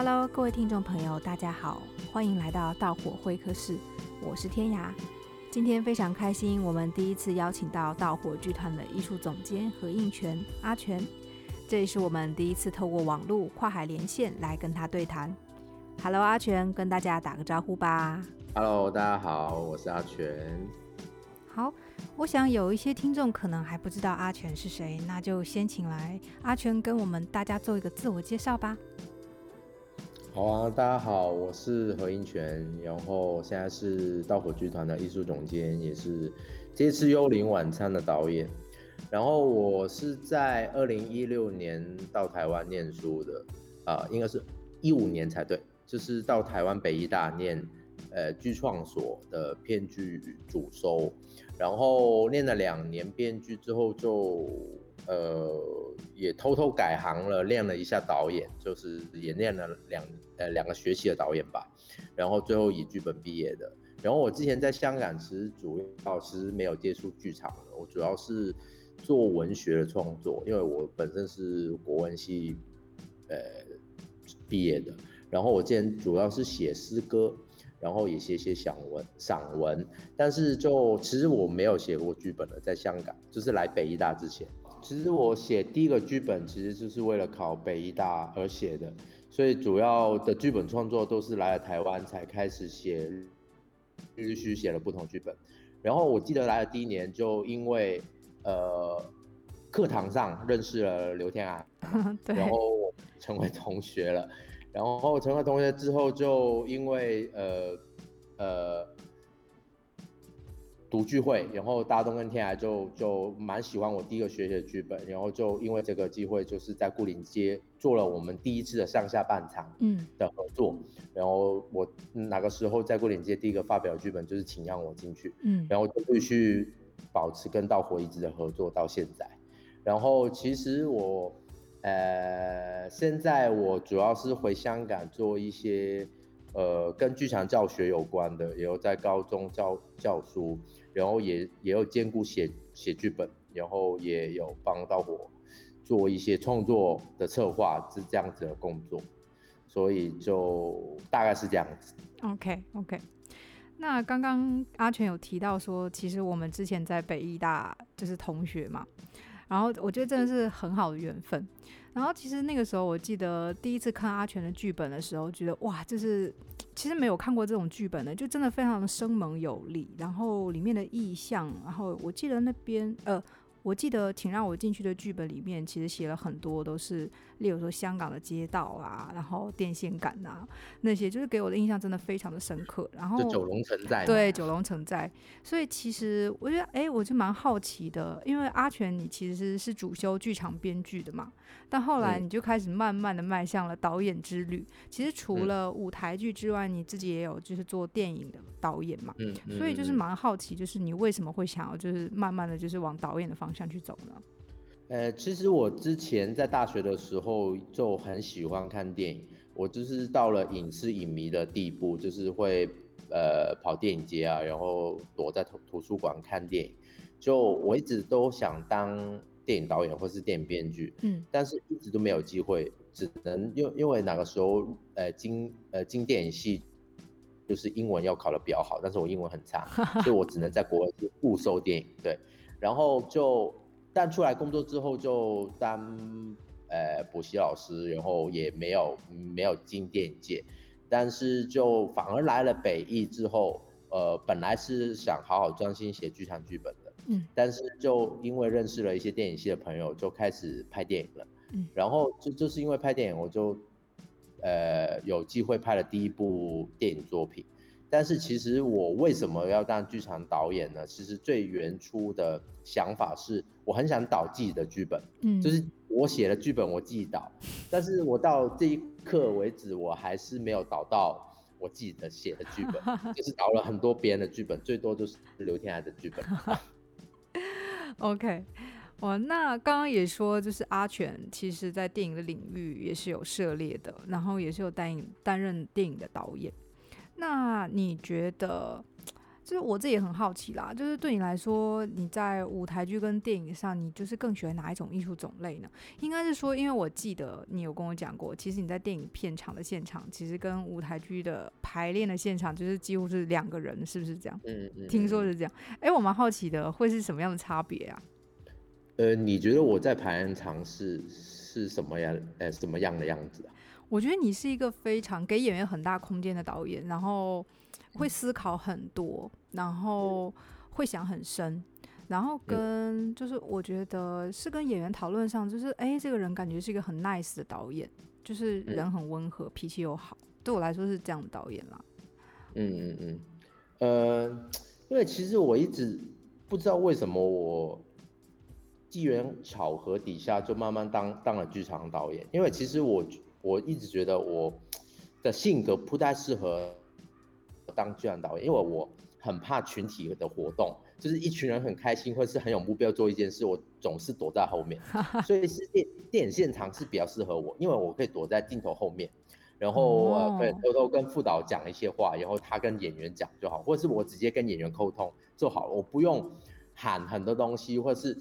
Hello，各位聽眾朋友，大家好，歡迎來到盜火會客室，我是天涯。今天非常開心，我們第一次邀請到盜火劇團的藝術總監何應權，阿權，這也是我們第一次透過網絡跨海連線來跟他對談。Hello，阿權，跟大家打個招呼吧。Hello，大家好，我是阿權。好，我想有一些聽眾可能還不知道阿權是誰，那就先請來阿權跟我們大家做一個自我介紹吧。好啊，大家好，我是何應權，然後現在是盜火劇團的藝術總監，也是這次《幽靈晚餐》的導演。然後我是在二零一六年到台灣念書的，啊、呃，應該是一五年才對，就是到台灣北藝大念，呃，劇創所的編劇主修，然後念了兩年編劇之後就。呃，也偷偷改行了，練了一下導演，就是也練了兩呃兩個學期的導演吧。然後最後以劇本畢業的。然後我之前在香港其實主要其實沒有接觸劇場的，我主要是做文學的創作，因為我本身是國文系，呃，畢業的。然後我之前主要是寫詩歌，然後也寫寫些散文、散文。但是就其實我沒有寫過劇本的，在香港就是來北藝大之前。其實我寫第一個劇本，其實就是為了考北藝大而寫的，所以主要的劇本創作都是來了台灣才開始寫，陸續寫了不同劇本。然後我記得來的第一年，就因為呃課堂上認識了劉天涯、嗯，然後成為同學了，然後成為同學之後，就因為呃呃。呃讀劇會，然後大東跟天涯就就蠻喜歡我第一個學習的劇本，然後就因為這個機會，就是在牯嶺街做了我們第一次的上下半場嗯的合作、嗯，然後我哪個時候在牯嶺街第一個發表劇本就是請讓我進去嗯，然後就會去保持跟盜火一直的合作到現在，然後其實我呃現在我主要是回香港做一些。呃，跟劇場教學有關的，也有，在高中教教書，然後也也有兼顧寫寫劇本，然後也有幫到我做一些創作的策劃，是這樣子的工作，所以就大概是這樣子。OK OK，那剛剛阿全有提到說，其實我們之前在北藝大就是同學嘛，然後我覺得真的是很好的緣分。然後其實那個時候，我記得第一次看阿權的劇本的時候，覺得哇，就是其實沒有看過這種劇本的，就真的非常的生猛有力。然後裡面的意象，然後我記得那邊呃，我記得《請讓我進去》的劇本裡面，其實寫了很多，都是例如說香港的街道啊，然後電線杆啊，那些，就是給我的印象真的非常的深刻。然後就九龍城寨，對九龍城寨，所以其實我覺得哎，我就蠻好奇的，因為阿權你其實是主修劇場編劇的嘛。但後來你就開始慢慢的邁向了導演之旅。嗯、其實除了舞台劇之外、嗯，你自己也有就是做電影的導演嘛。嗯，嗯，所以就是蠻好奇，就是你為什麼會想要就是慢慢的就是往導演的方向去走呢？呃，其實我之前在大學的時候就很喜歡看電影，我就是到了影視影迷的地步，就是會呃跑電影節啊，然後躲在圖圖書館看電影。就我一直都想當，電影導演或是電影編劇，嗯，但是一直都沒有機會，只能因因為那個時候，呃，進呃進電影系，就是英文要考得比較好，但是我英文很差， 所以我只能在國外是不收電影，對，然後就但出來工作之後就當呃補習老師，然後也沒有沒有進電影界，但是就反而來了北藝之後，呃，本來是想好好專心寫劇場劇本的。嗯，但是就因為認識了一些電影系的朋友，就開始拍電影了。嗯，然後就就是因為拍電影，我就呃有機會拍了第一部電影作品。但是其實我為什麼要當劇場導演呢？其實最原初的想法是我很想導自己的劇本，嗯，就是我寫的劇本我自己導。嗯。但是我到這一刻為止，我還是沒有導到我自己的寫的劇本， 就是導了很多別人的劇本，最多就是劉天涯的劇本。 OK，哦，那剛剛也說，就是阿權，其實在電影的領域也是有涉獵的，然後也是有擔任擔任電影的導演。那你覺得？就是我自己也很好奇啦，就是對你來說，你在舞台劇跟電影上，你就是更喜歡哪一種藝術種類呢？應該是說，因為我記得你有跟我講過，其實你在電影片場的現場，其實跟舞台劇的排練的現場，就是幾乎是兩個人，是不是這樣？嗯嗯。聽說是這樣。哎、欸，我蠻好奇的，會是什麼樣的差別啊？呃，你覺得我在排練場是是什麼樣？呃，什麼樣的樣子，啊。我覺得你是一個非常給演員很大空間的導演，然後。會思考很多，然後會想很深，嗯、然後跟就是我覺得是跟演員討論上，就是哎，這個人感覺是一個很 nice 的導演，就是人很溫和，嗯、脾氣又好。對我來說是這樣的導演啦。嗯嗯嗯，呃，因為其實我一直不知道為什麼我機緣巧合底下就慢慢當當了劇場導演，因為其實我我一直覺得我的性格不太適合。當制片導演，因為我很怕群體的活動，就是一群人很開心，或是很有目標做一件事，我總是躲在後面。所以是電電影現場是比較適合我，因為我可以躲在鏡頭後面，然後、哦呃、可以偷偷跟副導講一些話，然後他跟演員講就好，或者是我直接跟演員溝通就好，我不用喊很多東西，或者是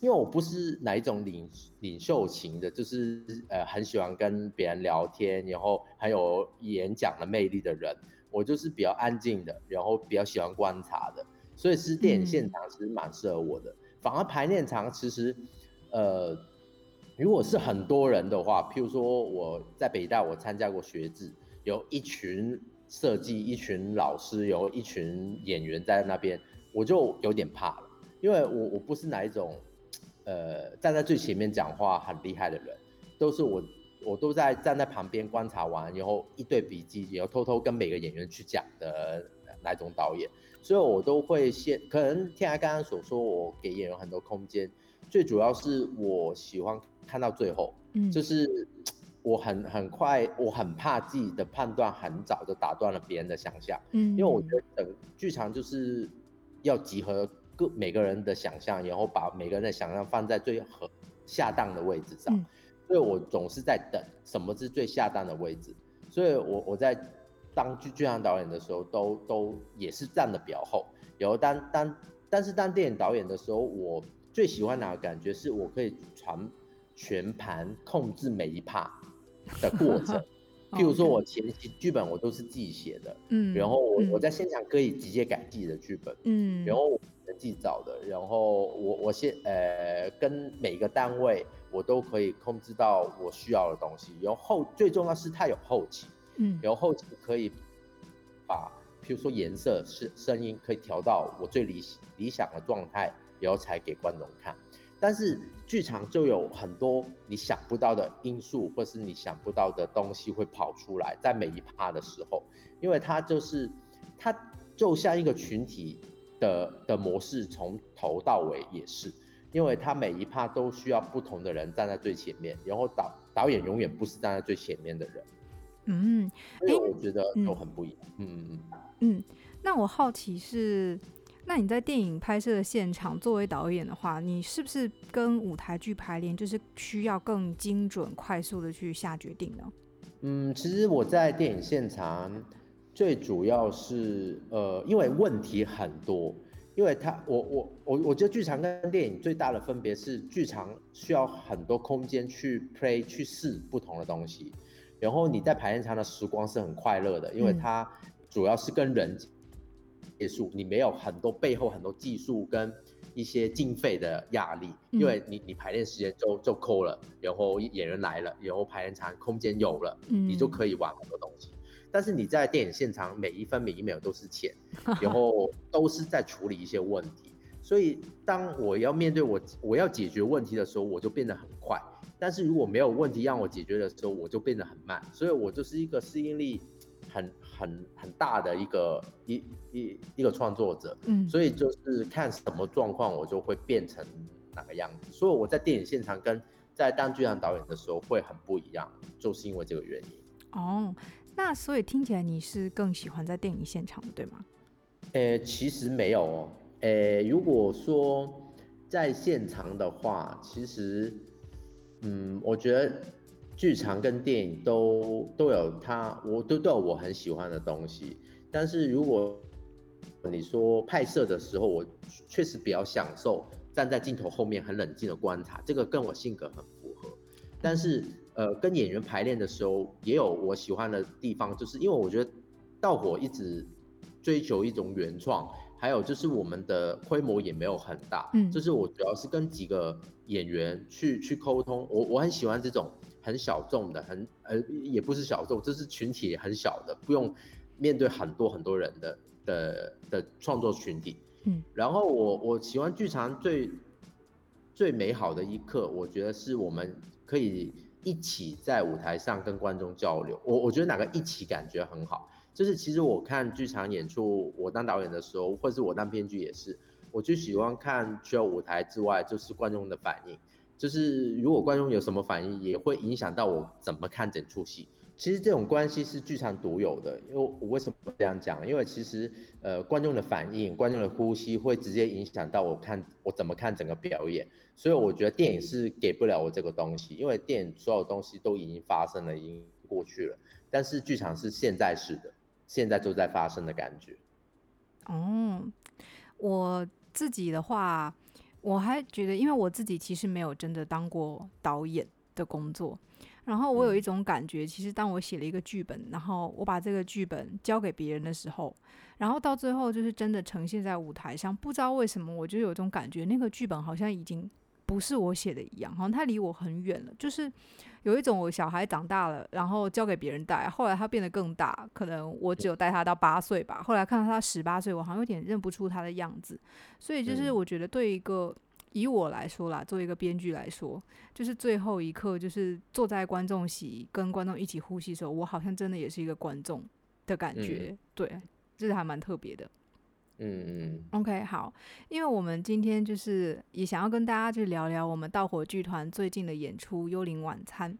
因為我不是哪一種領領袖型的，就是呃很喜歡跟別人聊天，然後很有演講的魅力的人。我就是比較安靜的，然後比較喜歡觀察的，所以是電影現場其實蠻適合我的。嗯、反而排練場其實，呃，如果是很多人的話，譬如說我在北大我參加過學制，有一群設計、一群老師、有一群演員在那邊，我就有點怕了，因為我我不是哪一種，呃，站在最前面講話很厲害的人，都是我。我都在站在旁邊觀察完，然後一對筆記，然後偷偷跟每個演員去講的那種導演，所以，我都會先可能天涯剛剛所說，我給演員很多空間，最主要是我喜歡看到最後，嗯，就是我很很快，我很怕自己的判斷很早就打斷了別人的想象，嗯，因為我覺得整劇場就是要集合各每個人的想象，然後把每個人的想象放在最合恰當的位置上。所以我總是在等什麼是最下單的位置，所以我我在當劇劇場導演的時候都，都都也是站得比較後。然後當當但是當電影導演的時候，我最喜歡哪個感覺，是我可以傳全全盤控制每一 part 的過程。 譬如說，我前期劇本我都是自己寫的，嗯，然後我我在現場可以直接改自己的劇本，嗯，然後我自己找的，然後我我先呃跟每個單位。我都可以控制到我需要的東西，然後最重要是它有後期，嗯，然後後期可以把，比如說顏色、聲聲音可以調到我最理理想的狀態，然後才給觀眾看。但是劇場就有很多你想不到的因素，或是你想不到的東西會跑出來，在每一趴的時候，因為它就是它就像一個群體的的模式，從頭到尾也是。因為他每一趴都需要不同的人站在最前面，然後導導演永遠不是站在最前面的人，嗯，所以我覺得都很不一樣，嗯嗯嗯，嗯，嗯，嗯。那我好奇是，那你在電影拍攝的現場作為導演的話，你是不是跟舞台劇排練就是需要更精準、快速的去下決定呢？嗯，其實我在電影現場最主要是，呃，因為問題很多。因為他，我我我我覺得劇場跟電影最大的分別是，劇場需要很多空間去 play 去試不同的東西，然後你在排練場的時光是很快樂的，因為它主要是跟人結束，嗯、你沒有很多背後很多技術跟一些經費的壓力，嗯、因為你你排練時間就就夠了，然後演員來了，然後排練場空間有了，你就可以玩很多東西。但是你在電影現場每一分每一秒都是錢，然後都是在處理一些問題，所以當我要面對我我要解決問題的時候，我就變得很快；但是如果沒有問題讓我解決的時候，我就變得很慢。所以我就是一個適應力很很很大的一個一一一個創作者。嗯，所以就是看什麼狀況，我就會變成哪個樣子。所以我在電影現場跟在當劇場導演的時候會很不一樣，就是因為這個原因。哦、oh. 那所以聽起來你是更喜歡在電影現場，對嗎？欸，其實沒有哦。欸。如果說在現場的話，其實，嗯，我覺得劇場跟電影都都有它，我都都有我很喜歡的東西。但是如果你說拍攝的時候，我確實比較享受站在鏡頭後面很冷靜的觀察，這個跟我性格很符合。但是。呃，跟演員排練的時候也有我喜歡的地方，就是因為我覺得盜火一直追求一種原創，還有就是我們的規模也沒有很大，嗯，就是我主要是跟幾個演員去去溝通，我我很喜歡這種很小眾的，很呃也不是小眾，這是群體很小的，不用面對很多很多人的的的創作群體，嗯，然後我我喜歡劇場最最美好的一刻，我覺得是我們可以。一起在舞台上跟觀眾交流，我我覺得哪個一起感覺很好，就是其實我看劇場演出，我當導演的時候，或者是我當編劇也是，我就喜歡看除了舞台之外，就是觀眾的反應，就是如果觀眾有什麼反應，也會影響到我怎麼看整出戲。其實這種關係是劇場獨有的，因為我為什麼這樣講？因為其實呃觀眾的反應、觀眾的呼吸會直接影響到我看我怎麼看整個表演。所以我覺得電影是給不了我這個東西，因為電影所有東西都已經發生了，已經過去了。但是劇場是現在式的，現在就在發生的感覺。嗯，我自己的話，我還覺得，因為我自己其實沒有真的當過導演的工作。然後我有一種感覺，嗯，其實當我寫了一個劇本，然後我把這個劇本交給別人的時候，然後到最後就是真的呈現在舞台上。不知道為什麼，我就有一種感覺，那個劇本好像已經。不是我寫的一樣，好像他離我很遠了。就是有一種我小孩長大了，然後交給別人帶，後來他變得更大，可能我只有帶他到八歲吧。後來看到他十八歲，我好像有點認不出他的樣子。所以就是我覺得，對一個、嗯、以我來說啦，作為一個編劇來說，就是最後一刻，就是坐在觀眾席跟觀眾一起呼吸的時候，我好像真的也是一個觀眾的感覺，嗯、對，這、就是還蠻特別的。嗯嗯嗯，OK，好，因為我們今天就是也想要跟大家去聊聊我們盜火劇團最近的演出《幽靈晚餐》。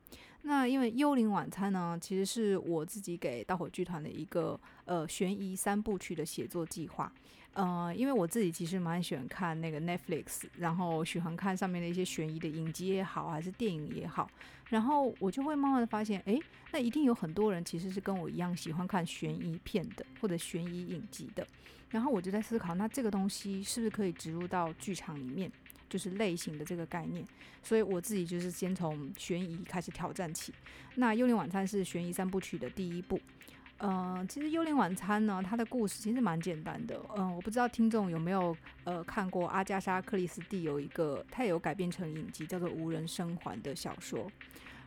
那因為《幽靈晚餐》呢，其實是我自己給盜火劇團的一個呃懸疑三部曲的寫作計劃。呃，因為我自己其實蠻喜歡看那個 Netflix，然後喜歡看上面的一些懸疑的影集也好，還是電影也好，然後我就會慢慢的發現，哎、欸，那一定有很多人其實是跟我一樣喜歡看懸疑片的，或者懸疑影集的。然後我就在思考，那這個東西是不是可以植入到劇場裡面，就是類型的這個概念。所以我自己就是先從懸疑開始挑戰起。那《幽靈晚餐》是懸疑三部曲的第一部。嗯、呃，其實《幽靈晚餐》呢，它的故事其實蠻簡單的。嗯、呃，我不知道聽眾有沒有呃看過阿加莎·克里斯蒂有一個，它也有改編成影集，叫做《無人生還》的小說。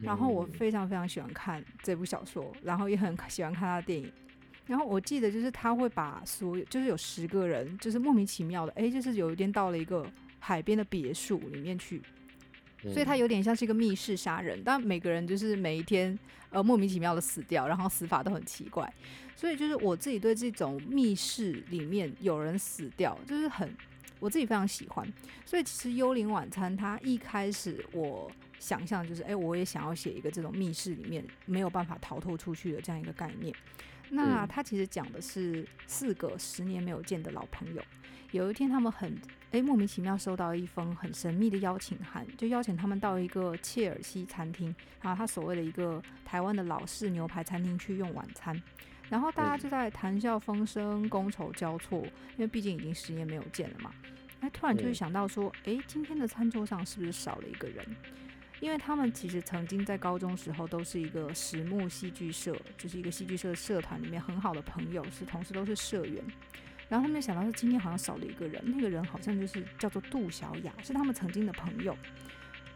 然後我非常非常喜歡看這部小說，然後也很喜歡看它的電影。然後我記得就是他會把所有，就是有十個人，就是莫名其妙的，哎，就是有一天到了一個海邊的別墅裡面去。嗯、所以他有點像是一個密室殺人，但每個人就是每一天，呃，莫名其妙的死掉，然後死法都很奇怪，所以就是我自己對這種密室裡面有人死掉，就是很我自己非常喜歡，所以其實《幽靈晚餐》它一開始我想象就是，哎，我也想要寫一個這種密室裡面沒有辦法逃脫出去的這樣一個概念。那他其實講的是四個十年沒有見的老朋友，嗯、有一天他們很誒、欸、莫名其妙收到一封很神秘的邀請函，就邀請他們到一個切爾西餐廳啊，他所謂的一個台灣的老式牛排餐廳去用晚餐，然後大家就在談笑風生、觥、嗯、籌交錯，因為畢竟已經十年沒有見了嘛，哎突然就會想到說，誒、嗯欸，今天的餐桌上是不是少了一個人？因為他們其實曾經在高中時候都是一個實木戲劇社，就是一個戲劇社的社團裡面很好的朋友，是同時都是社員。然後他們就想到是今天好像少了一個人，那個人好像就是叫做杜小雅，是他們曾經的朋友。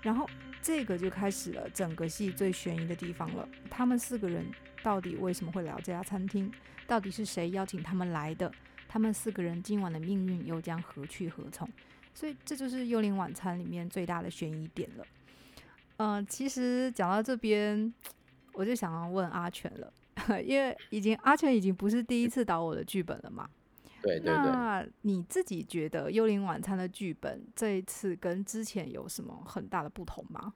然後這個就開始了整個戲最懸疑的地方了。他們四個人到底為什麼會來到這家餐廳？到底是誰邀請他們來的？他們四個人今晚的命運又將何去何從？所以這就是《幽靈晚餐》裡面最大的懸疑點了。嗯，其實講到這邊，我就想要問阿權了，因為已經阿權已經不是第一次導我的劇本了嘛。對對對。那你自己覺得《幽靈晚餐》的劇本這一次跟之前有什麼很大的不同嗎？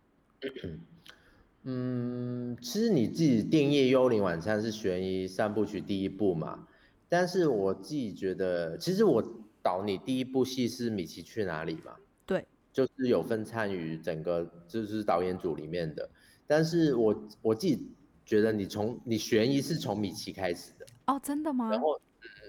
嗯，其實你自己定義《幽靈晚餐》是懸疑三部曲第一部嘛，但是我自己覺得，其實我導你第一部戲是《米奇去哪裡》嘛。就是有份參與整個就是導演組裡面的，但是我我自己覺得你從你懸疑是從米奇開始的哦，真的嗎？然後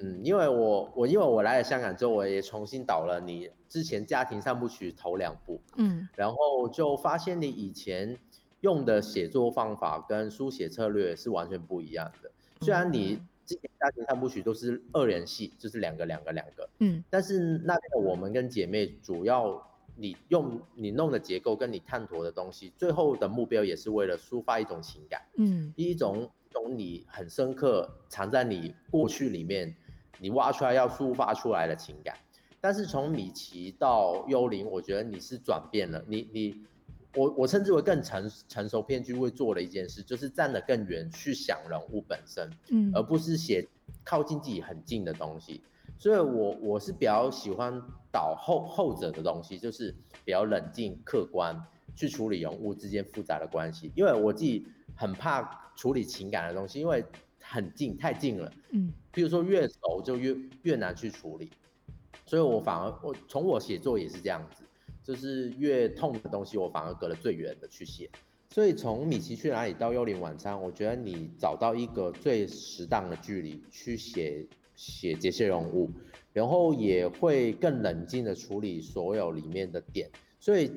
嗯，因為我我因為我來了香港之後，我也重新導了你之前家庭三部曲頭兩部，嗯，然後就發現你以前用的寫作方法跟書寫策略是完全不一樣的。嗯，雖然你之前家庭三部曲都是二人戲，就是兩個兩個兩個，兩個，嗯，但是那個我們跟姐妹主要。你用你弄的結構跟你探索的東西，最後的目標也是為了抒發一種情感，嗯，一種從你很深刻藏在你過去裡面，你挖出來要抒發出來的情感。但是從米奇到幽靈，我覺得你是轉變了，你你，我我稱之為更成成熟編劇會做的一件事，就是站得更遠去想人物本身，嗯，而不是寫靠近自己很近的東西。所以我我是比較喜歡倒後後者的東西，就是比較冷靜客觀去處理人物之間複雜的關係。因為我自己很怕處理情感的東西，因為很近太近了。嗯，比如說越熟就越越難去處理。所以我反而我從我寫作也是這樣子，就是越痛的東西我反而隔得最遠的去寫。所以從《米奇去哪裡》到《幽靈晚餐》，我覺得你找到一個最適當的距離去寫寫這些人物，然後也會更冷靜的處理所有裡面的點，所以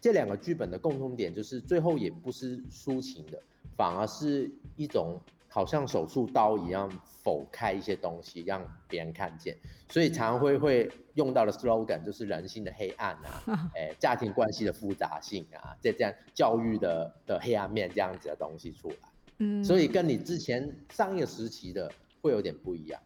這兩個劇本的共通點就是最後也不是抒情的，反而是一種好像手術刀一樣剖開一些東西，讓別人看見。所以常常會，會用到的 slogan 就是人性的黑暗啊，嗯、哎，家庭關係的複雜性啊，這這樣教育的的黑暗面這樣子的東西出來，嗯，所以跟你之前商業時期的會有點不一樣。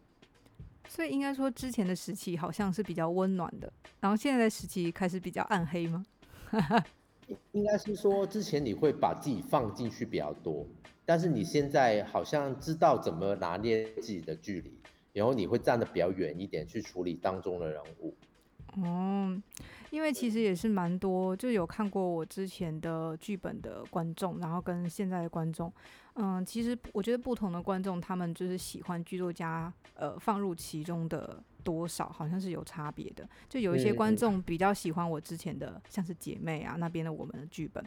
所以應該說之前的時期好像是比較溫暖的，然後現在的時期開始比較暗黑嗎？ 應應該是說之前你會把自己放進去比較多，但是你現在好像知道怎麼拿捏自己的距離，然後你會站得比較遠一點去處理當中的人物。嗯，因為其實也是蠻多，就有看過我之前的劇本的觀眾，然後跟現在的觀眾。嗯，其實我覺得不同的觀眾，他們就是喜歡劇作家呃放入其中的多少，好像是有差別的。就有一些觀眾比較喜歡我之前的、嗯、像是姐妹啊那邊的我們的劇本，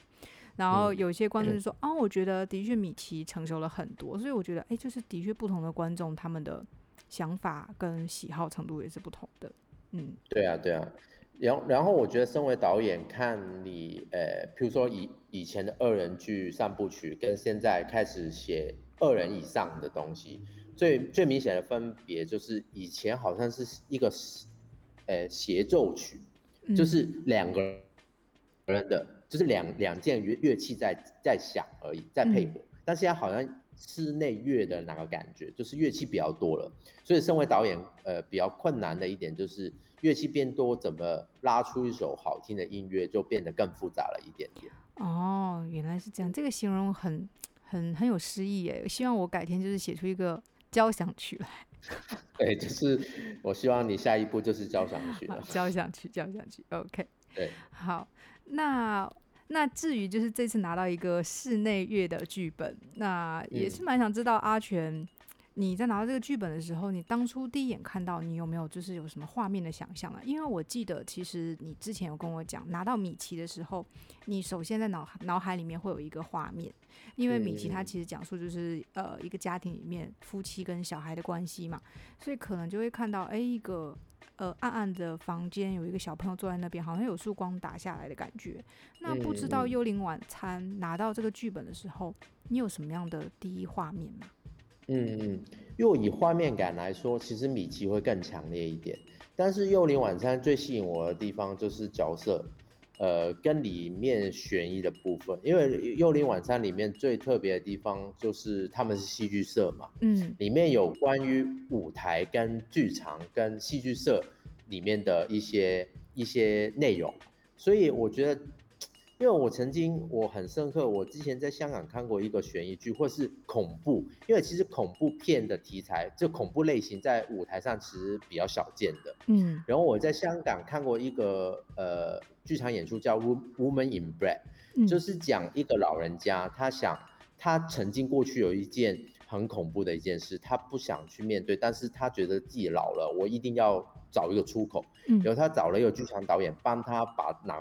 然後有一些觀眾就說、嗯、啊，我覺得的確米奇成熟了很多，所以我覺得誒、欸，就是的確不同的觀眾他們的想法跟喜好程度也是不同的。嗯，對啊，對啊。然後，然後我覺得，身為導演，看你，呃，比如說以以前的二人劇三部曲，跟現在開始寫二人以上的東西，最最明顯的分別就是，以前好像是一個，呃，協奏曲，就是兩個人的，嗯、就是兩兩件樂樂器在在響而已，在配合，嗯、但現在好像室內樂的那個感覺，就是樂器比較多了，所以身為導演，呃，比較困難的一點就是樂器變多，怎麼拉出一首好聽的音樂就變得更複雜了一點點。哦，原來是這樣，這個形容很很很有詩意耶。希望我改天就是寫出一個交響曲來。對，就是我希望你下一步就是交響曲。 交響曲，交響曲，OK。對。好，那。那至於就是這次拿到一個室內樂的劇本，那也是蠻想知道阿權，你在拿到這個劇本的時候，你當初第一眼看到，你有沒有就是有什麼畫面的想象啊？因為我記得其實你之前有跟我講，拿到米奇的時候，你首先在腦腦海裡面會有一個畫面，因為米奇它其實講述就是呃一個家庭裡面夫妻跟小孩的關係嘛，所以可能就會看到哎、欸、一個。呃，暗暗的房間有一個小朋友坐在那邊，好像有束光打下來的感覺。那不知道幽靈晚餐拿到這個劇本的時候，你有什麼樣的第一畫面嗎？嗯嗯，又以畫面感來說，其實米奇會更強烈一點。但是幽靈晚餐最吸引我的地方就是角色。呃，跟裡面懸疑的部分，因為《幽靈晚餐》裡面最特別的地方就是他們是戲劇社嘛，嗯，裡面有關於舞台跟劇場跟戲劇社裡面的一些一些內容，所以我覺得。因為我曾經我很深刻，我之前在香港看過一個懸疑劇，或是恐怖。因為其實恐怖片的題材，這恐怖類型在舞台上其實比較少見的。嗯。然後我在香港看過一個呃劇場演出叫《Woman in Black》，就是講一個老人家，他想他曾經過去有一件很恐怖的一件事，他不想去面對，但是他覺得自己老了，我一定要找一個出口。然後他找了一個劇場導演幫他把那。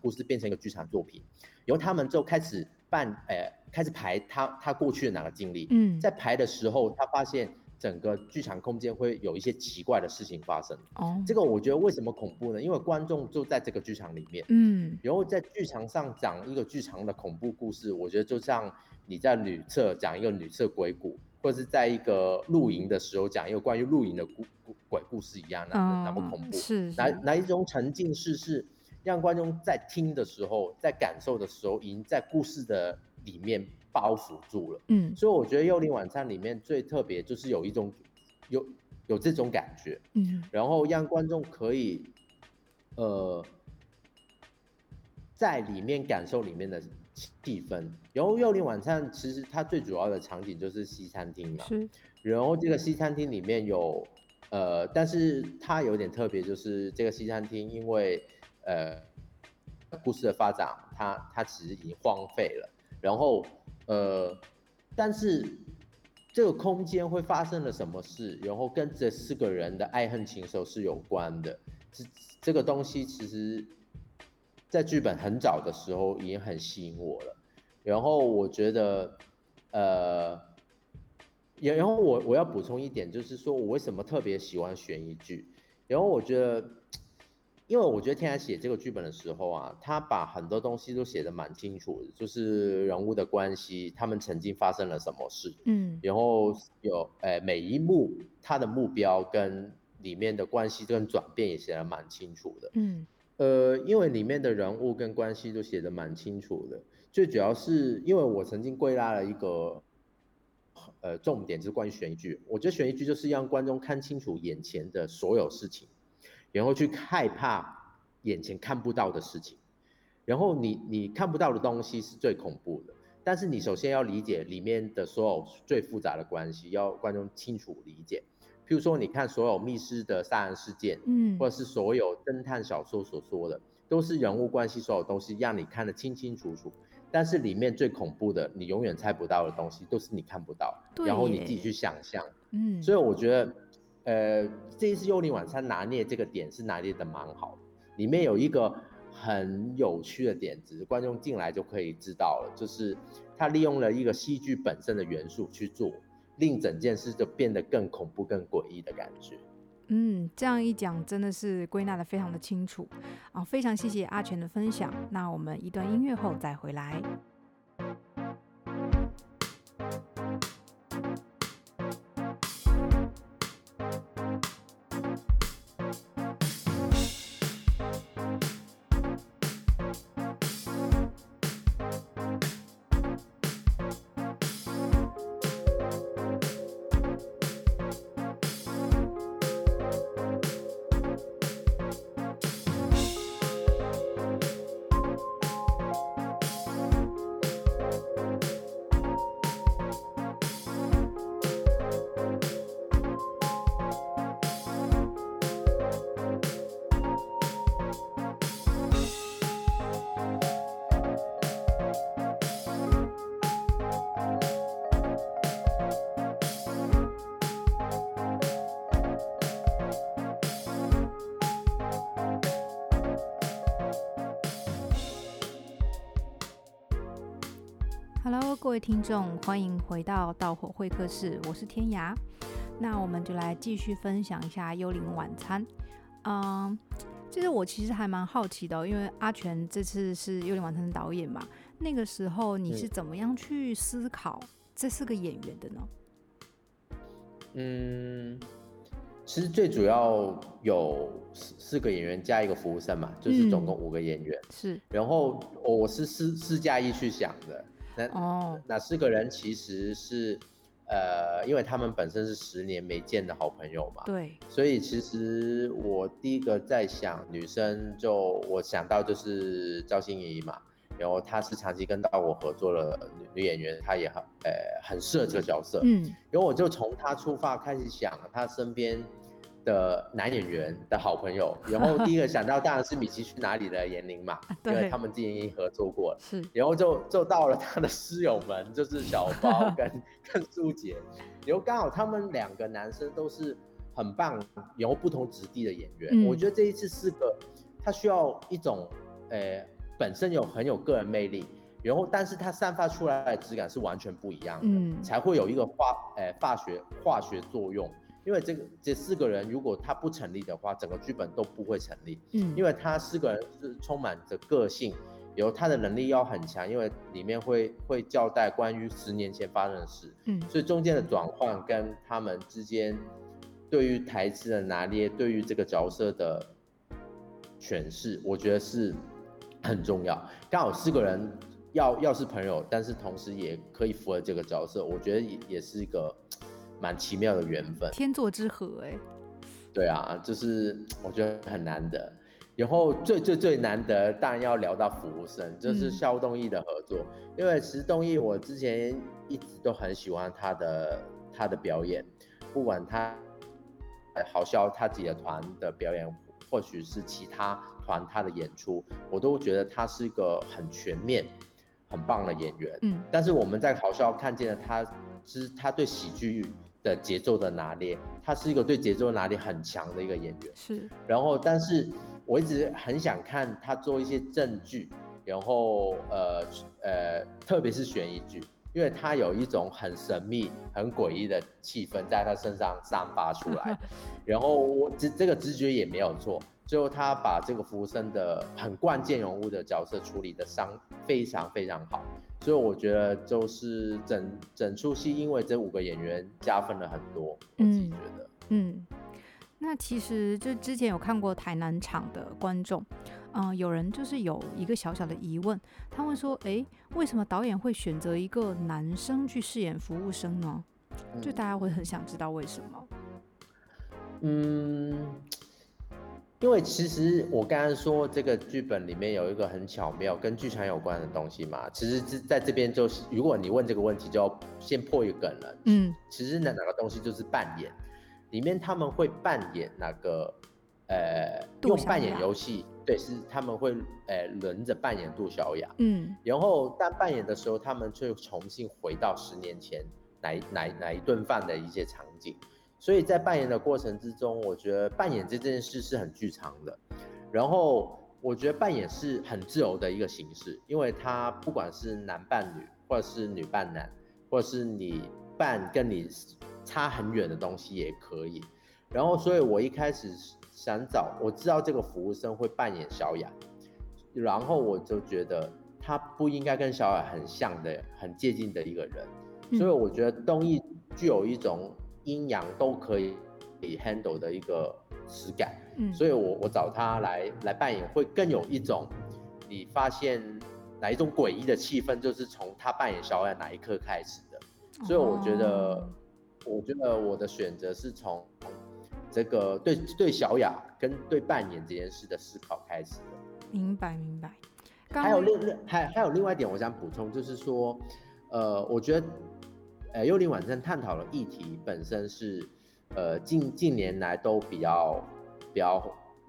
故事變成一個劇場作品，然後他們就開始辦，誒、呃，開始排他他過去的那個經歷。嗯，在排的時候，他發現整個劇場空間會有一些奇怪的事情發生。哦，這個我覺得為什麼恐怖呢？因為觀眾就在這個劇場裡面。嗯，然後在劇場上講一個劇場的恐怖故事，我覺得就像你在旅社講一個旅社鬼故，或是在一個露營的時候講一個關於露營的故故鬼故事一樣那麼、哦、恐怖，是，是哪哪一種沉浸式是？讓觀眾在聽的時候，在感受的時候，已經在故事的裡面包裹住了。嗯，所以我覺得《幽靈晚餐》裡面最特別就是有一種，有有這種感覺。嗯，然後讓觀眾可以，呃，在裡面感受裡面的氣氛。然後《幽靈晚餐》其實它最主要的場景就是西餐廳嘛。是。然後這個西餐廳裡面有，嗯、呃，但是它有點特別，就是這個西餐廳因為。呃，故事的發展，它它其實已經荒廢了。然後，呃，但是這個空間會發生了什麼事？然後跟這四個人的愛恨情仇是有關的。這這個東西其實，在劇本很早的時候已經很吸引我了。然後我覺得，呃，然後我我要補充一點，就是說我為什麼特別喜歡懸疑劇？然後我覺得。因為我覺得天涯寫這個劇本的時候啊，他把很多東西都寫得蠻清楚的，就是人物的關係，他們曾經發生了什麼事，嗯，然後有誒、欸、每一幕他的目標跟裡面的關係跟轉變也寫得蠻清楚的，嗯，呃，因為裡面的人物跟關係都寫得蠻清楚的。最主要是因為我曾經歸納了一個，呃，重點就是關於懸疑劇，我覺得懸疑劇就是讓觀眾看清楚眼前的所有事情。然後去害怕眼前看不到的事情，然後你你看不到的東西是最恐怖的。但是你首先要理解裡面的所有最複雜的關係，要觀眾清楚理解。譬如說，你看所有密室的殺人事件，嗯，或者是所有偵探小說所說的，都是人物關係，所有東西讓你看得清清楚楚。但是裡面最恐怖的，你永遠猜不到的東西，都是你看不到，然後你自己去想象。嗯，所以我覺得。呃，這一次幽靈晚餐拿捏這個點是拿捏的蠻好的，裡面有一個很有趣的點子，只是觀眾進來就可以知道了，就是他利用了一個戲劇本身的元素去做，令整件事就變得更恐怖、更詭異的感覺。嗯，這樣一講真的是歸納的非常的清楚啊，哦，非常謝謝阿全的分享。那我們一段音樂後再回來。Hello，各位聽眾，歡迎回到盜火會客室，我是天涯。那我們就來繼續分享一下《幽靈晚餐》。嗯，就是我其實還蠻好奇的、哦，因為阿權這次是《幽靈晚餐》的導演嘛，那個時候你是怎麼樣去思考這四個演員的呢？嗯，其實最主要有四四個演員加一個服務生嘛，就是總共五個演員。是、嗯。然後我是四四加一去想的。哦，那、oh. 四個人其實是，呃，因為他們本身是十年沒見的好朋友嘛，對，所以其實我第一個在想女生，就我想到就是趙欣怡嘛，然後她是長期跟到我合作的女女演員，她也很，呃，很適合這個角色，嗯，然後我就從她出發開始想她身邊的男演員的好朋友，然後第一個想到當然是《米奇去哪裡》的嚴玲嘛， 因為他們之前已經合作過了。是，然後就就到了他的室友們，就是小包跟 跟朱杰，然後剛好他們兩個男生都是很棒，然後不同質地的演員，嗯，我覺得這一次是個他需要一種，呃、本身有很有個人魅力，然後但是他散發出來的質感是完全不一樣的，嗯，才會有一個化、呃、化學化學作用。因為這個這四個人如果他不成立的話，整個劇本都不會成立。嗯，因為他四個人是充滿着個性，有他的能力要很強，因為裡面會會交代關於十年前發生的事。嗯，所以中間的轉換跟他們之間對於台詞的拿捏，對於這個角色的詮釋，我覺得是很重要。剛好四個人要要是朋友，但是同時也可以符合這個角色，我覺得也，也是一個。蠻奇妙的緣分，天作之合哎，對啊，就是我覺得很難的。然後最最最難得，當然要聊到服務生，這是蕭東意的合作，因為其實東意我之前一直都很喜歡他的他的表演，不管他好笑他自己的團的表演，或許是其他團他的演出，我都覺得他是一個很全面、很棒的演員。嗯，但是我們在好笑看見了他是他對喜劇。的節奏的拿捏，他是一個對節奏拿捏很強的一個演員。是，然後，但是我一直很想看他做一些正劇，然後呃呃，特別是懸疑劇，因為他有一種很神秘、很詭異的氣氛在他身上散發出來。 然後我這這個直覺也沒有錯。最後，他把這個服務生的很關鍵人物的角色處理得非常非常好，所以我覺得就是整整出戲，因為這五個演員加分了很多。嗯，我自己覺得嗯。嗯，那其實就之前有看過台南場的觀眾，嗯、呃，有人就是有一個小小的疑問，他問說：“哎、欸，為什麼導演會選擇一個男生去飾演服務生呢？”就大家會很想知道為什麼。嗯。嗯因為其實我剛剛說這個劇本裡面有一個很巧妙跟劇場有關的東西嘛，其實這在這邊就是，如果你問這個問題，就要先破一個梗了。嗯，其實那那個東西就是扮演，裡面他們會扮演那個，呃，用扮演遊戲，對，是他們會呃輪着扮演杜小雅。嗯，然後但扮演的時候，他們卻重新回到十年前哪哪哪一頓飯的一些場景。所以在扮演的過程之中，我覺得扮演這件事是很劇場的，然後我覺得扮演是很自由的一個形式，因為他不管是男扮女，或者是女扮男，或者是你扮跟你差很遠的東西也可以。然後，所以我一開始想找，我知道這個服務生會扮演小雅，然後我就覺得他不應該跟小雅很像的、很接近的一個人，所以我覺得東藝具有一種。陰陽都可以 handle 的一個實感，嗯，所以我我找他來來扮演，會更有一種你發現哪一種詭異的氣氛，就是從他扮演小雅哪一刻開始的。所以我覺得，哦、我覺得我的選擇是從這個對對小雅跟對扮演這件事的思考開始的。明白明白。剛剛還有另還還有另外一點，我想補充，就是說，呃，我覺得。呃，幽靈晚餐探討的議題本身是，呃，近近年來都比較比較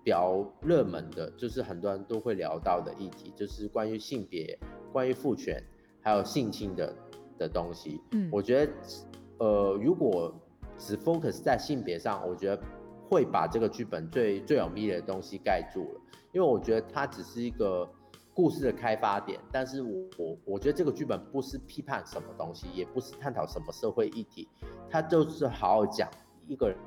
比較熱門的，就是很多人都會聊到的議題，就是關於性別、關於父權，還有性侵的的東西。嗯。我覺得，呃，如果只 focus 在性別上，我覺得會把這個劇本最最有魅力的東西蓋住了，因為我覺得它只是一個。故事的開發點，但是我我我覺得這個劇本不是批判什麼東西，也不是探討什麼社會議題，它就是好好講一個人，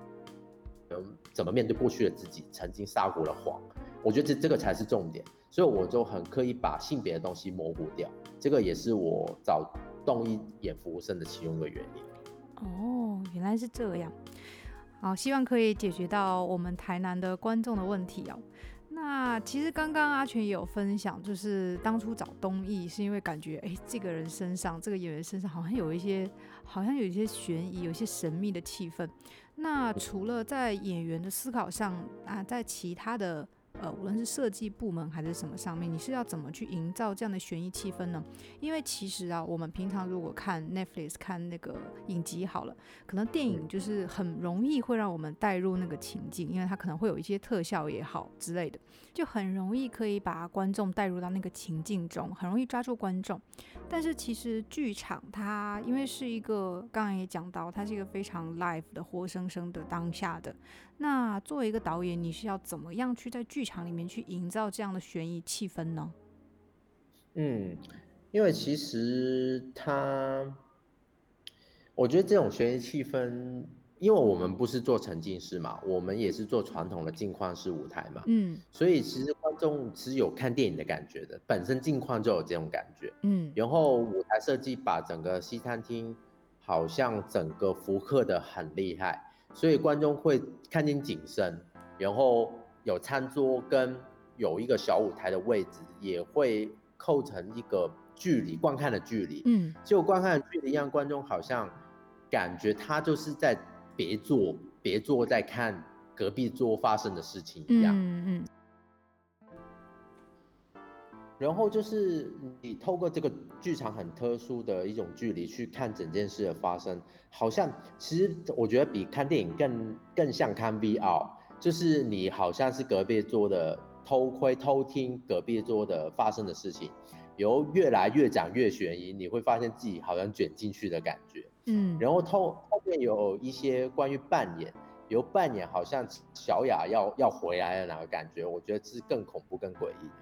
怎麼面對過去的自己曾經撒過的謊。我覺得這這個才是重點，所以我就很刻意把性別的東西模糊掉，這個也是我找東一演服務生的其中一個原因。哦，原來是這樣，好，希望可以解決到我們台南的觀眾的問題哦。那其實剛剛阿權也有分享，就是當初找東藝是因為感覺，哎、欸，這個人身上這個演員身上好像有一些，好像有一些懸疑，有一些神秘的氣氛。那除了在演員的思考上啊，在其他的。呃，無論是設計部門還是什麼上面，你是要怎麼去營造這樣的懸疑氣氛呢？因為其實啊，我們平常如果看 Netflix，看那個影集好了，可能電影就是很容易會讓我們帶入那個情境，因為它可能會有一些特效也好之類的，就很容易可以把觀眾帶入到那個情境中，很容易抓住觀眾。但是其實劇場它因為是一個剛剛也講到，它是一個非常 live 的、活生生的、當下的。那作為一個導演，你是要怎麼樣去在劇場裡面去營造這樣的懸疑氣氛呢？嗯，因為其實他，嗯、我覺得這種懸疑氣氛，因為我們不是做沉浸式嘛，我們也是做傳統的鏡框式舞台嘛，嗯，所以其實觀眾是有看電影的感覺的，本身鏡框就有這種感覺，嗯，然後舞台設計把整個西餐廳好像整個復刻得很厲害，所以觀眾會看見景深，然後。有餐桌跟有一個小舞台的位置，也會構成一個距離觀看的距離。嗯，就觀看的距離，讓觀眾好像感覺他就是在別座、別座在看隔壁桌發生的事情一樣。嗯嗯。然後就是你透過這個劇場很特殊的一種距離去看整件事的發生，好像其實我覺得比看電影更更像看 VR。就是你好像是隔壁桌的偷窺、偷聽隔壁桌的發生的事情，由越來越講越懸疑，你會發現自己好像捲進去的感覺。嗯，然後後後面有一些關於扮演，由扮演好像小雅要要回來的那個感覺，我覺得是更恐怖、更詭異的。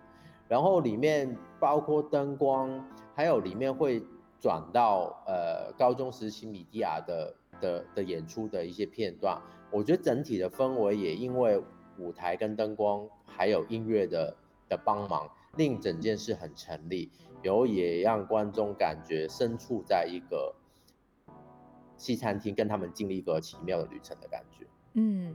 然後裡面包括燈光，還有裡面會轉到呃高中時期米蒂亞的的的的演出的一些片段。我覺得整體的氛圍也因為舞台跟燈光還有音樂的的幫忙，令整件事很成立，然、嗯、後也讓觀眾感覺身處在一個西餐廳，跟他們經歷一個奇妙的旅程的感覺。嗯。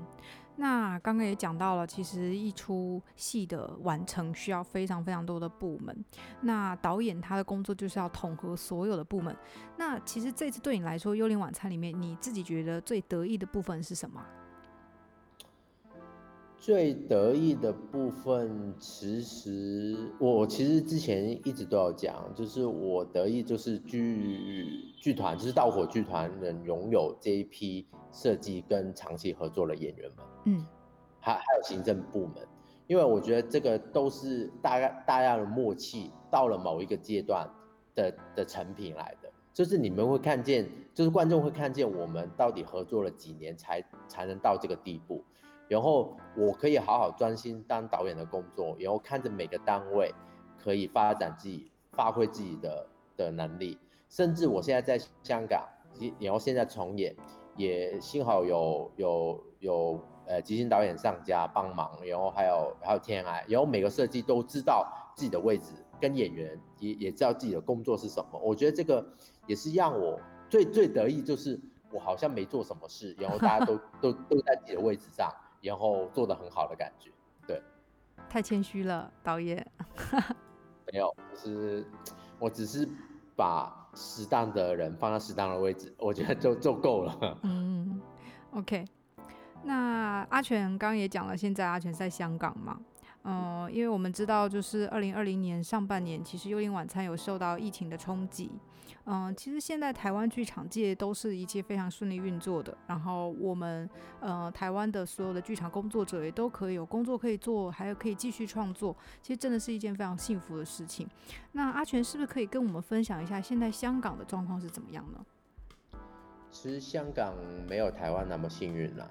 那剛剛也講到了，其實一出戲的完成需要非常非常多的部門。那導演他的工作就是要統合所有的部門。那其實這次對你來說，《幽靈晚餐》裡面你自己覺得最得意的部分是什麼？最得意的部分，其實我其實之前一直都要講，就是我得意就是劇劇團，就是盜火劇團能擁有這一批設計跟長期合作的演員們，嗯，還還有行政部門，因為我覺得這個都是大概大家的默契，到了某一個階段的的成品來的，就是你們會看見，就是觀眾會看見我們到底合作了幾年才才能到這個地步。然後我可以好好專心當導演的工作，然後看着每個單位可以發展自己、發揮自己的的能力。甚至我現在在香港，然後現在重演，也幸好有有有呃即興導演上家幫忙，然後還有還有天涯，然後每個設計都知道自己的位置，跟演員也也知道自己的工作是什麼。我覺得這個也是讓我最最得意，就是我好像沒做什麼事，然後大家都 都都在自己的位置上。然後做得很好的感覺，對，太謙虛了，導演。 沒有，就是我只是把適當的人放到適當的位置，我覺得就就夠了。嗯，OK，那阿權剛剛也講了，現在阿權在香港嘛。嗯、呃，因為我們知道，就是二零二零年上半年，其實《幽靈晚餐》有受到疫情的衝擊。嗯、呃，其實現在台灣劇場界都是一切非常順利運作的，然後我們呃，台灣的所有的劇場工作者也都可以有工作可以做，還有可以繼續創作，其實真的是一件非常幸福的事情。那阿權是不是可以跟我們分享一下現在香港的狀況是怎麼樣呢？其實香港沒有台灣那麼幸運啦，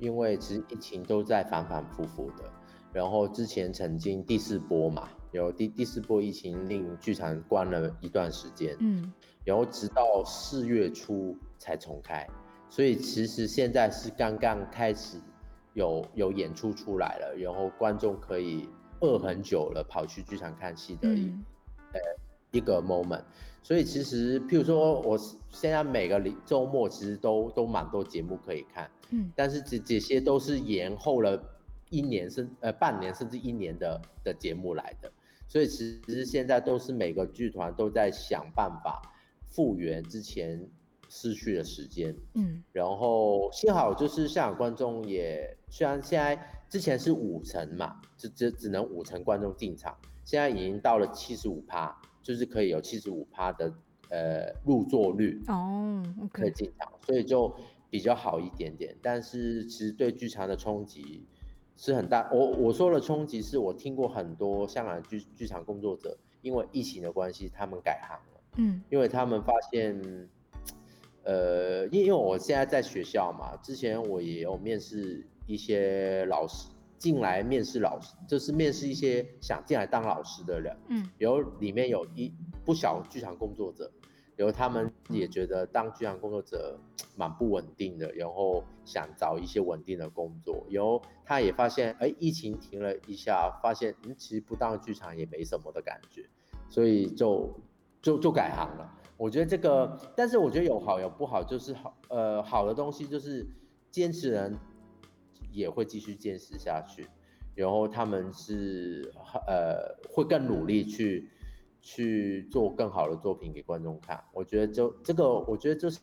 因為其實疫情都在反反复复的。然後之前曾經第四波嘛，然後第第四波疫情令劇場關了一段時間，嗯，然後直到四月初才重開，所以其實現在是剛剛開始有有演出出來了，然後觀眾可以餓很久了跑去劇場看戲的，呃、嗯，一個 moment。所以其實譬如說我現在每個周周末其實都都蠻多節目可以看，嗯，但是這這些都是延後了。一年甚呃半年甚至一年的的節目來的，所以其實現在都是每個劇團都在想辦法復原之前失去的時間。嗯，然後幸好就是現場觀眾也雖然現在之前是五成嘛，只只只能五成觀眾進場，現在已經到了七十五趴，就是可以有七十五趴的呃入座率哦，可以進場，哦 okay，所以就比較好一點點。但是其實對劇場的衝擊是很大，我我說的衝擊是我聽過很多香港劇劇場工作者，因為疫情的關係，他們改行了，嗯，因為他們發現，呃，因為因為我現在在學校嘛，之前我也有面試一些老師進來面試老師，就是面試一些想進來當老師的人，嗯，然後裡面有一不少劇場工作者。有他們也覺得當劇場工作者蠻不穩定的，然後想找一些穩定的工作。有他也發現，哎，疫情停了一下，發現嗯，其實不當的劇場也沒什麼的感覺，所以就就就改行了。我覺得這個，但是我覺得有好有不好，就是好呃好的東西就是堅持人也會繼續堅持下去，然後他們是呃會更努力去。去做更好的作品給觀眾看，我覺得就這個，我覺得這、就是，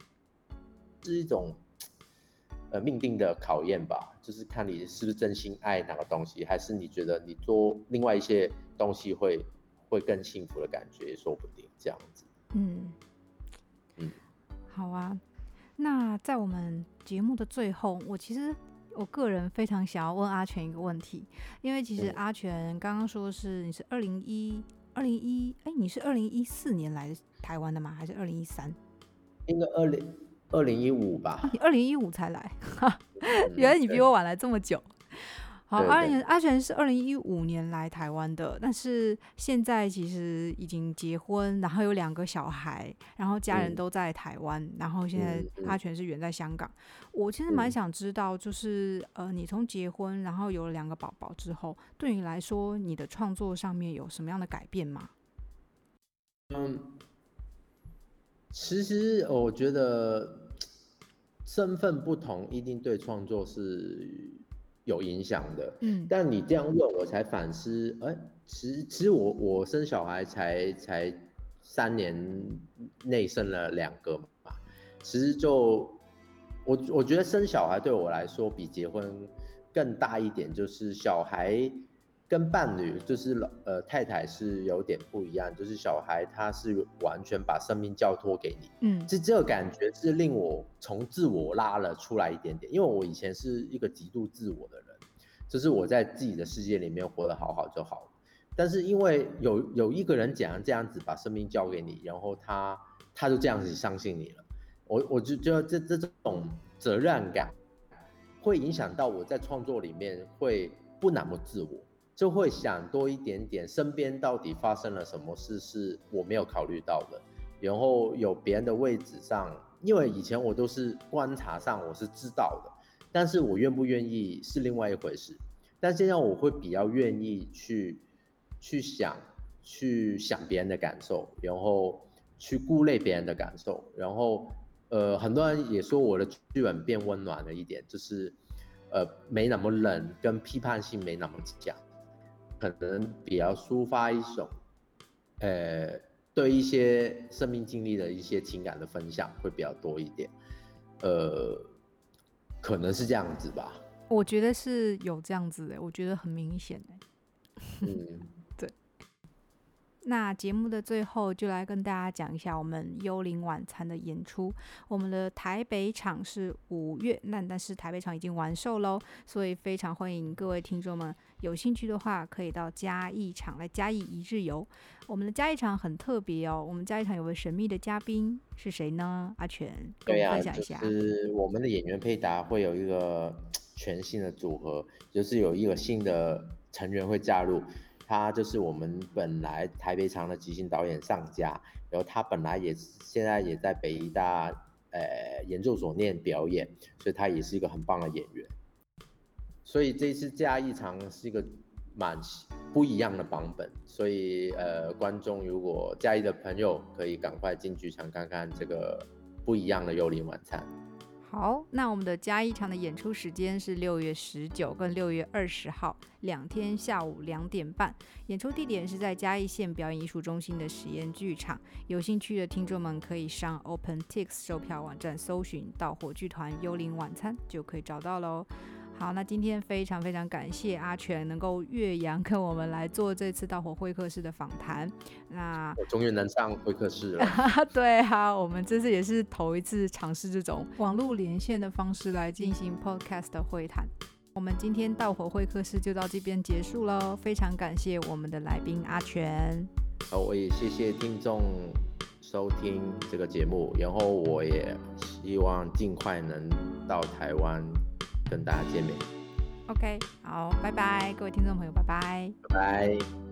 是一種，呃，命定的考驗吧，就是看你是不是真心愛哪個東西，還是你覺得你做另外一些東西會會更幸福的感覺，說不定這樣子。嗯，嗯，好啊，那在我們節目的最後，我其實我個人非常想要問阿權一個問題，因為其實阿權剛剛說是你是二零一。二零一哎，你是二零一四年來的台灣的嗎？還是二零一三？應該二零二零一五吧。啊，你二零一五才來， 原來你比我晚來這麼久。好對對，阿全阿全是二零一五年來台灣的，但是現在其實已經結婚，然後有兩個小孩，然後家人都在台灣，嗯、然後現在阿全是遠在香港。嗯、我其實蠻想知道，就是、嗯、呃，你從結婚然後有了兩個寶寶之後，對你來說，你的創作上面有什麼樣的改變嗎？嗯，其實我覺得身份不同，一定對創作是。有影響的，嗯，但你這樣問我才反思，哎、欸，其實其實我我生小孩才才三年內生了兩個嘛，其實就我我覺得生小孩對我來說比結婚更大一點，就是小孩。跟伴侶就是老呃太太是有點不一樣，就是小孩他是完全把生命交托給你，嗯，這這個感覺是令我從自我拉了出來一點點，因為我以前是一個極度自我的人，就是我在自己的世界裡面活得好好就好了。但是因為有有一個人講這樣子把生命交給你，然後他他就這樣子相信你了，我我就覺得這這種責任感，會影響到我在創作裡面會不那麼自我。就會想多一點點，身邊到底發生了什麼事是我沒有考慮到的。然後有別人的位置上，因為以前我都是觀察上我是知道的，但是我願不願意是另外一回事。但現在我會比較願意去，去想，去想別人的感受，然後去顧慮別人的感受。然後，呃，很多人也說我的劇本變溫暖了一點，就是，呃，沒那麼冷，跟批判性沒那麼強。可能比較抒發一首，呃、欸，對一些生命經歷的一些情感的分享會比較多一點，呃，可能是這樣子吧。我覺得是有這樣子的、欸，我覺得很明顯、欸、嗯。 那節目的最後，就來跟大家講一下我們《幽靈晚餐》的演出。我們的台北場是五月，那但，但是台北場已經完售嘍，所以非常歡迎各位聽眾們有興趣的話，可以到嘉義場來嘉義一日遊。我們的嘉義場很特別哦，我們嘉義場有位神秘的嘉賓是誰呢？阿權，跟我分享一下。啊，就是我們的演員配搭會有一個全新的組合，就是有一個新的成員會加入。他就是我們本來台北場的執行導演上家，然後他本來也現在也在北藝大，呃，研究所念表演，所以他也是一個很棒的演員。所以這次嘉義場是一個蠻不一樣的版本，所以呃，觀眾如果嘉義的朋友可以趕快進劇場看看這個不一樣的幽靈晚餐。好，那我們的嘉義場的演出時間是六月十九跟六月二十號，兩天下午兩點半。演出地點是在嘉義縣表演藝術中心的實驗劇場。有興趣的聽眾們，可以上 OpenTix 售票網站搜尋“盜火劇團幽靈晚餐”，就可以找到嘍。好，那今天非常非常感謝阿權，能夠越洋跟我們來做這次盜火會客室的訪談。那我終於能上會客室了。 對哈、啊，我們這次也是頭一次嘗試這種網絡連線的方式來進行 podcast 的會談。我們今天盜火會客室就到這邊結束嘍，非常感謝我們的來賓阿權。好，我也謝謝聽眾收聽這個節目，然後我也希望盡快能到台灣。跟大家見面，OK，好，拜拜，各位聽眾朋友，拜拜，拜拜。